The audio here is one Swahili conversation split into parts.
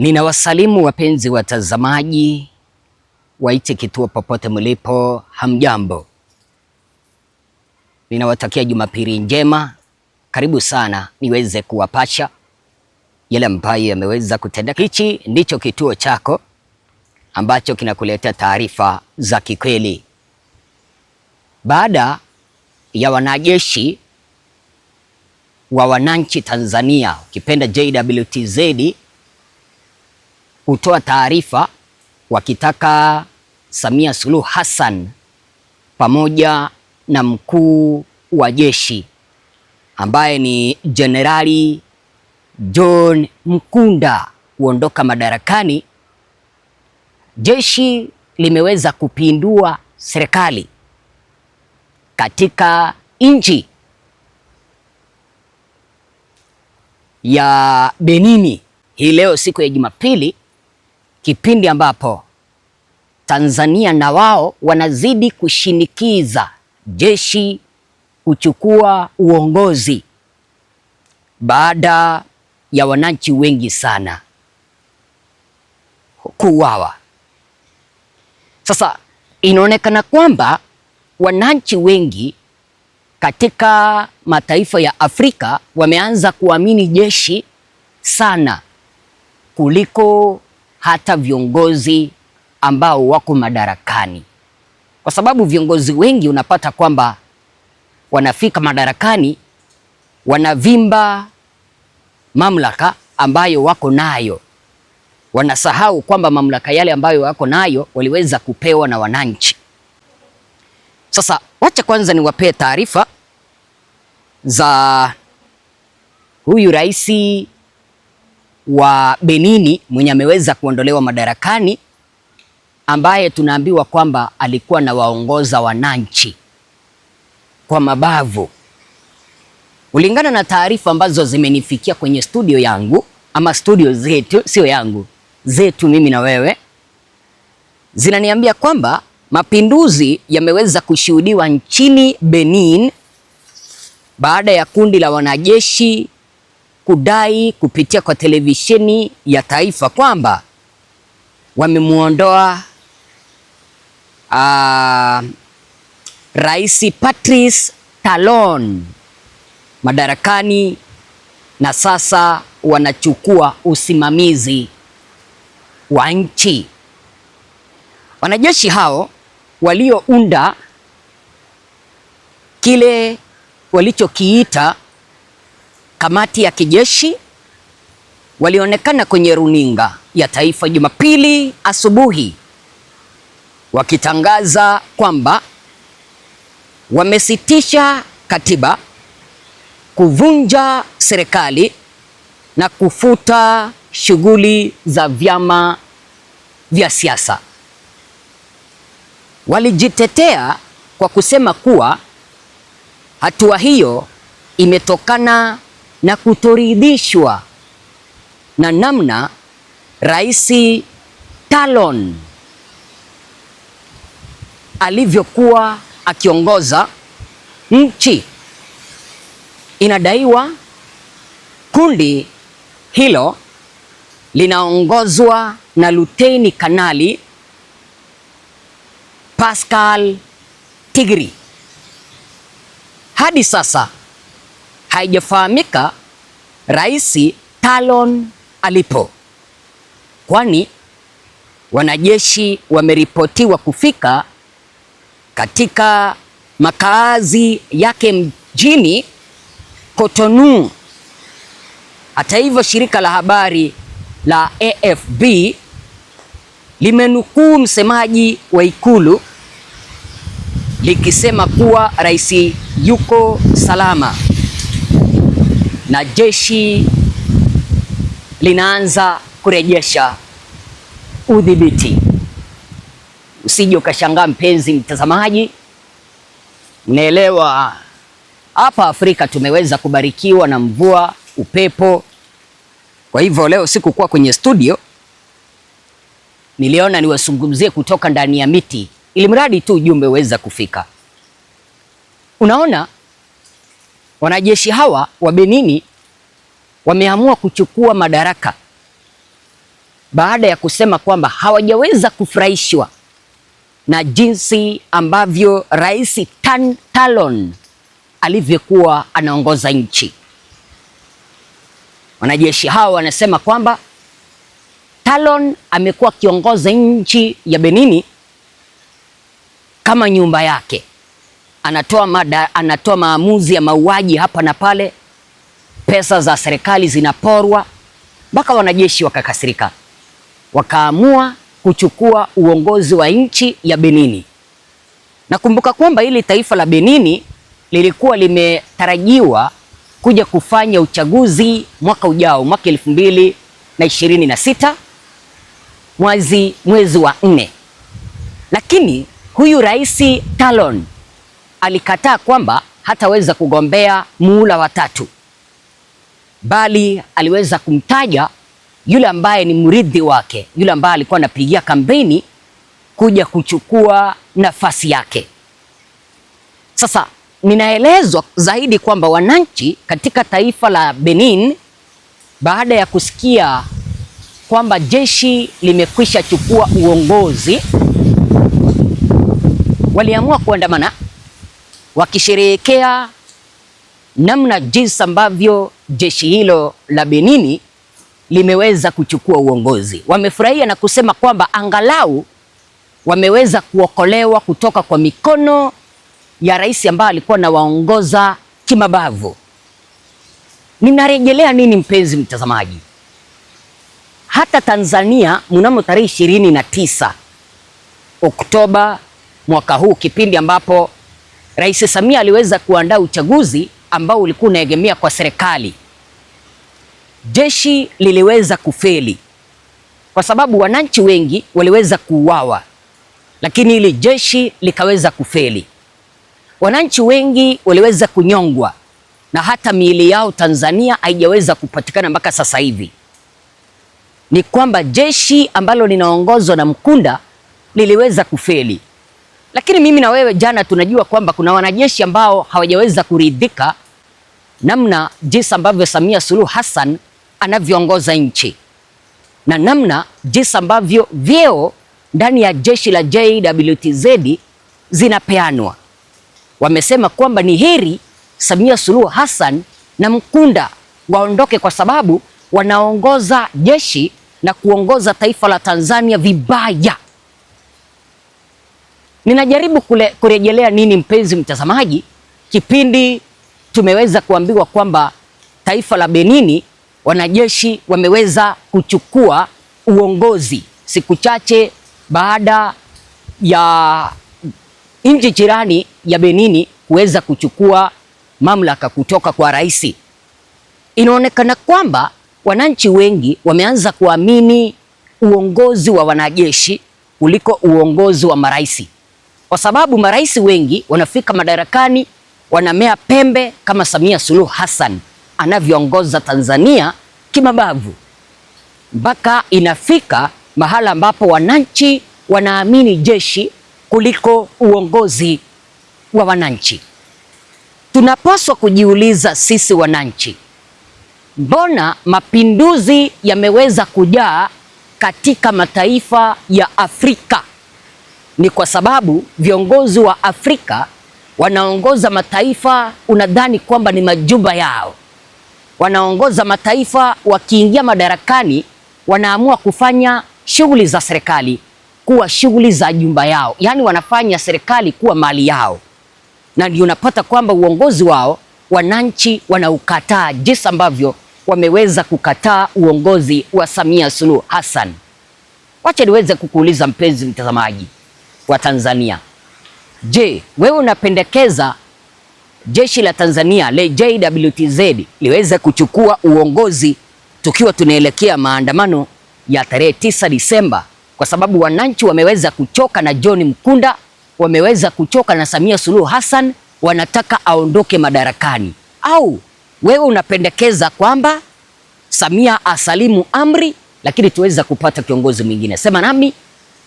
Ninawasalimu wapenzi watazamaji, waite kituo popote mlipo, hamjambo. Ninawatakia Jumapili njema. Karibu sana niweze kuwapasha yale ambayo yameweza kutendeka. Hichi ndicho kituo chako ambacho kinakuletea taarifa za kikweli. Baada ya wanajeshi wa wananchi Tanzania, ukipenda JWTZ kutoa taarifa wakitaka Samia Suluhu Hassan pamoja na mkuu wa jeshi ambaye ni Jenerali John Mkunda kuondoka madarakani. Jeshi limeweza kupindua serikali katika nchi ya Benini. Hii leo siku ya Jumapili kipindi ambapo Tanzania na wao wanazidi kushinikiza jeshi kuchukua uongozi baada ya wananchi wengi sana kuuawa. Sasa inaonekana kwamba wananchi wengi katika mataifa ya Afrika wameanza kuamini jeshi sana kuliko hata viongozi ambao wako madarakani, kwa sababu viongozi wengi unapata kwamba wanafika madarakani wanavimba mamlaka ambayo wako nayo, wanasahau kwamba mamlaka yale ambayo wako nayo waliweza kupewa na wananchi. Sasa wacha kwanza niwapee taarifa za huyu rais wa Benini mwenye ameweza kuondolewa madarakani ambaye tunaambiwa kwamba alikuwa na waongoza wananchi kwa mabavu. Kulingana na taarifa ambazo zimenifikia kwenye studio yangu ama studio zetu, sio yangu, zetu mimi na wewe, zinaniambia kwamba mapinduzi yameweza kushuhudiwa nchini Benin baada ya kundi la wanajeshi kudai kupitia kwa televisheni ya taifa kwamba wamemwondoa uh, Rais Patrice Talon madarakani na sasa wanachukua usimamizi wa nchi. Wanajeshi hao waliounda kile walichokiita kamati ya kijeshi walionekana kwenye runinga ya taifa Jumapili asubuhi wakitangaza kwamba wamesitisha katiba, kuvunja serikali na kufuta shughuli za vyama vya siasa. Walijitetea kwa kusema kuwa hatua hiyo imetokana na kutoridhishwa na namna Rais Talon alivyokuwa akiongoza nchi. Inadaiwa kundi hilo linaongozwa na Luteni Kanali Pascal Tigri. Hadi sasa haijafahamika Rais Talon alipo, kwani wanajeshi wameripotiwa kufika katika makaazi yake mjini Cotonou. Hata hivyo, shirika la habari la AFP limenukuu msemaji wa ikulu likisema kuwa rais yuko salama na jeshi linaanza kurejesha udhibiti. Usije ukashangaa mpenzi mtazamaji, unaelewa hapa Afrika tumeweza kubarikiwa na mvua, upepo. Kwa hivyo leo sikukuwa kwenye studio, niliona niwazungumzie kutoka ndani ya miti, ili mradi tu ujumbe uweza kufika. Unaona Wanajeshi hawa wa Benini wameamua kuchukua madaraka baada ya kusema kwamba hawajaweza kufurahishwa na jinsi ambavyo Rais Tan Talon alivyokuwa anaongoza nchi. Wanajeshi hawa wanasema kwamba Talon amekuwa akiongoza nchi ya Benini kama nyumba yake anatoa, mada, anatoa maamuzi ya mauaji hapa na pale, pesa za serikali zinaporwa mpaka wanajeshi wakakasirika, wakaamua kuchukua uongozi wa nchi ya Benini. Nakumbuka kwamba hili taifa la Benini lilikuwa limetarajiwa kuja kufanya uchaguzi mwaka ujao, mwaka elfu mbili na ishirini na sita mwezi mwezi wa nne, lakini huyu Rais Talon alikataa kwamba hataweza kugombea muhula wa tatu, bali aliweza kumtaja yule ambaye ni mrithi wake, yule ambaye alikuwa anapigia kampeni kuja kuchukua nafasi yake. Sasa ninaelezwa zaidi kwamba wananchi katika taifa la Benin baada ya kusikia kwamba jeshi limekwisha chukua uongozi waliamua kuandamana wakisherehekea namna jinsi ambavyo jeshi hilo la Benini limeweza kuchukua uongozi. Wamefurahia na kusema kwamba angalau wameweza kuokolewa kutoka kwa mikono ya rais ambaye alikuwa anawaongoza kimabavu. Ninarejelea nini mpenzi mtazamaji? Hata Tanzania mnamo tarehe ishirini na tisa Oktoba mwaka huu, kipindi ambapo Rais Samia aliweza kuandaa uchaguzi ambao ulikuwa unaegemea kwa serikali. Jeshi liliweza kufeli kwa sababu wananchi wengi waliweza kuuawa, lakini hili jeshi likaweza kufeli. Wananchi wengi waliweza kunyongwa na hata miili yao Tanzania haijaweza kupatikana mpaka sasa hivi. Ni kwamba jeshi ambalo linaongozwa na Mkunda liliweza kufeli. Lakini mimi na wewe jana tunajua kwamba kuna wanajeshi ambao hawajaweza kuridhika namna jinsi ambavyo Samia Suluhu Hassan anavyoongoza nchi na namna jinsi ambavyo vyeo ndani ya jeshi la JWTZ zinapeanwa. Wamesema kwamba ni heri Samia Suluhu Hassan na Mkunda waondoke kwa sababu wanaongoza jeshi na kuongoza taifa la Tanzania vibaya. Ninajaribu kule, kurejelea nini mpenzi mtazamaji, kipindi tumeweza kuambiwa kwamba taifa la Benini wanajeshi wameweza kuchukua uongozi siku chache baada ya nchi jirani ya Benini kuweza kuchukua mamlaka kutoka kwa rais. Inaonekana kwamba wananchi wengi wameanza kuamini uongozi wa wanajeshi kuliko uongozi wa marais kwa sababu marais wengi wanafika madarakani wanamea pembe kama Samia Suluhu Hassan anavyoongoza Tanzania kimabavu, mpaka inafika mahala ambapo wananchi wanaamini jeshi kuliko uongozi wa wananchi. Tunapaswa kujiuliza sisi wananchi, mbona mapinduzi yameweza kujaa katika mataifa ya Afrika ni kwa sababu viongozi wa Afrika wanaongoza mataifa, unadhani kwamba ni majumba yao. Wanaongoza mataifa, wakiingia madarakani wanaamua kufanya shughuli za serikali kuwa shughuli za jumba yao, yaani wanafanya serikali kuwa mali yao, na ndio unapata kwamba uongozi wao wananchi wanaukataa, jinsi ambavyo wameweza kukataa uongozi wa Samia Suluhu Hassan. Wacha niweze kukuuliza mpenzi mtazamaji wa Tanzania. Je, wewe unapendekeza jeshi la Tanzania le JWTZ liweze kuchukua uongozi tukiwa tunaelekea maandamano ya tarehe 9 Disemba, kwa sababu wananchi wameweza kuchoka na John Mkunda, wameweza kuchoka na Samia Suluhu Hassan, wanataka aondoke madarakani? Au wewe unapendekeza kwamba Samia asalimu amri, lakini tuweza kupata kiongozi mwingine? Sema nami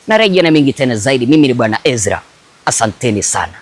na rejea na mengi tena zaidi. Mimi ni Bwana Ezra, asanteni sana.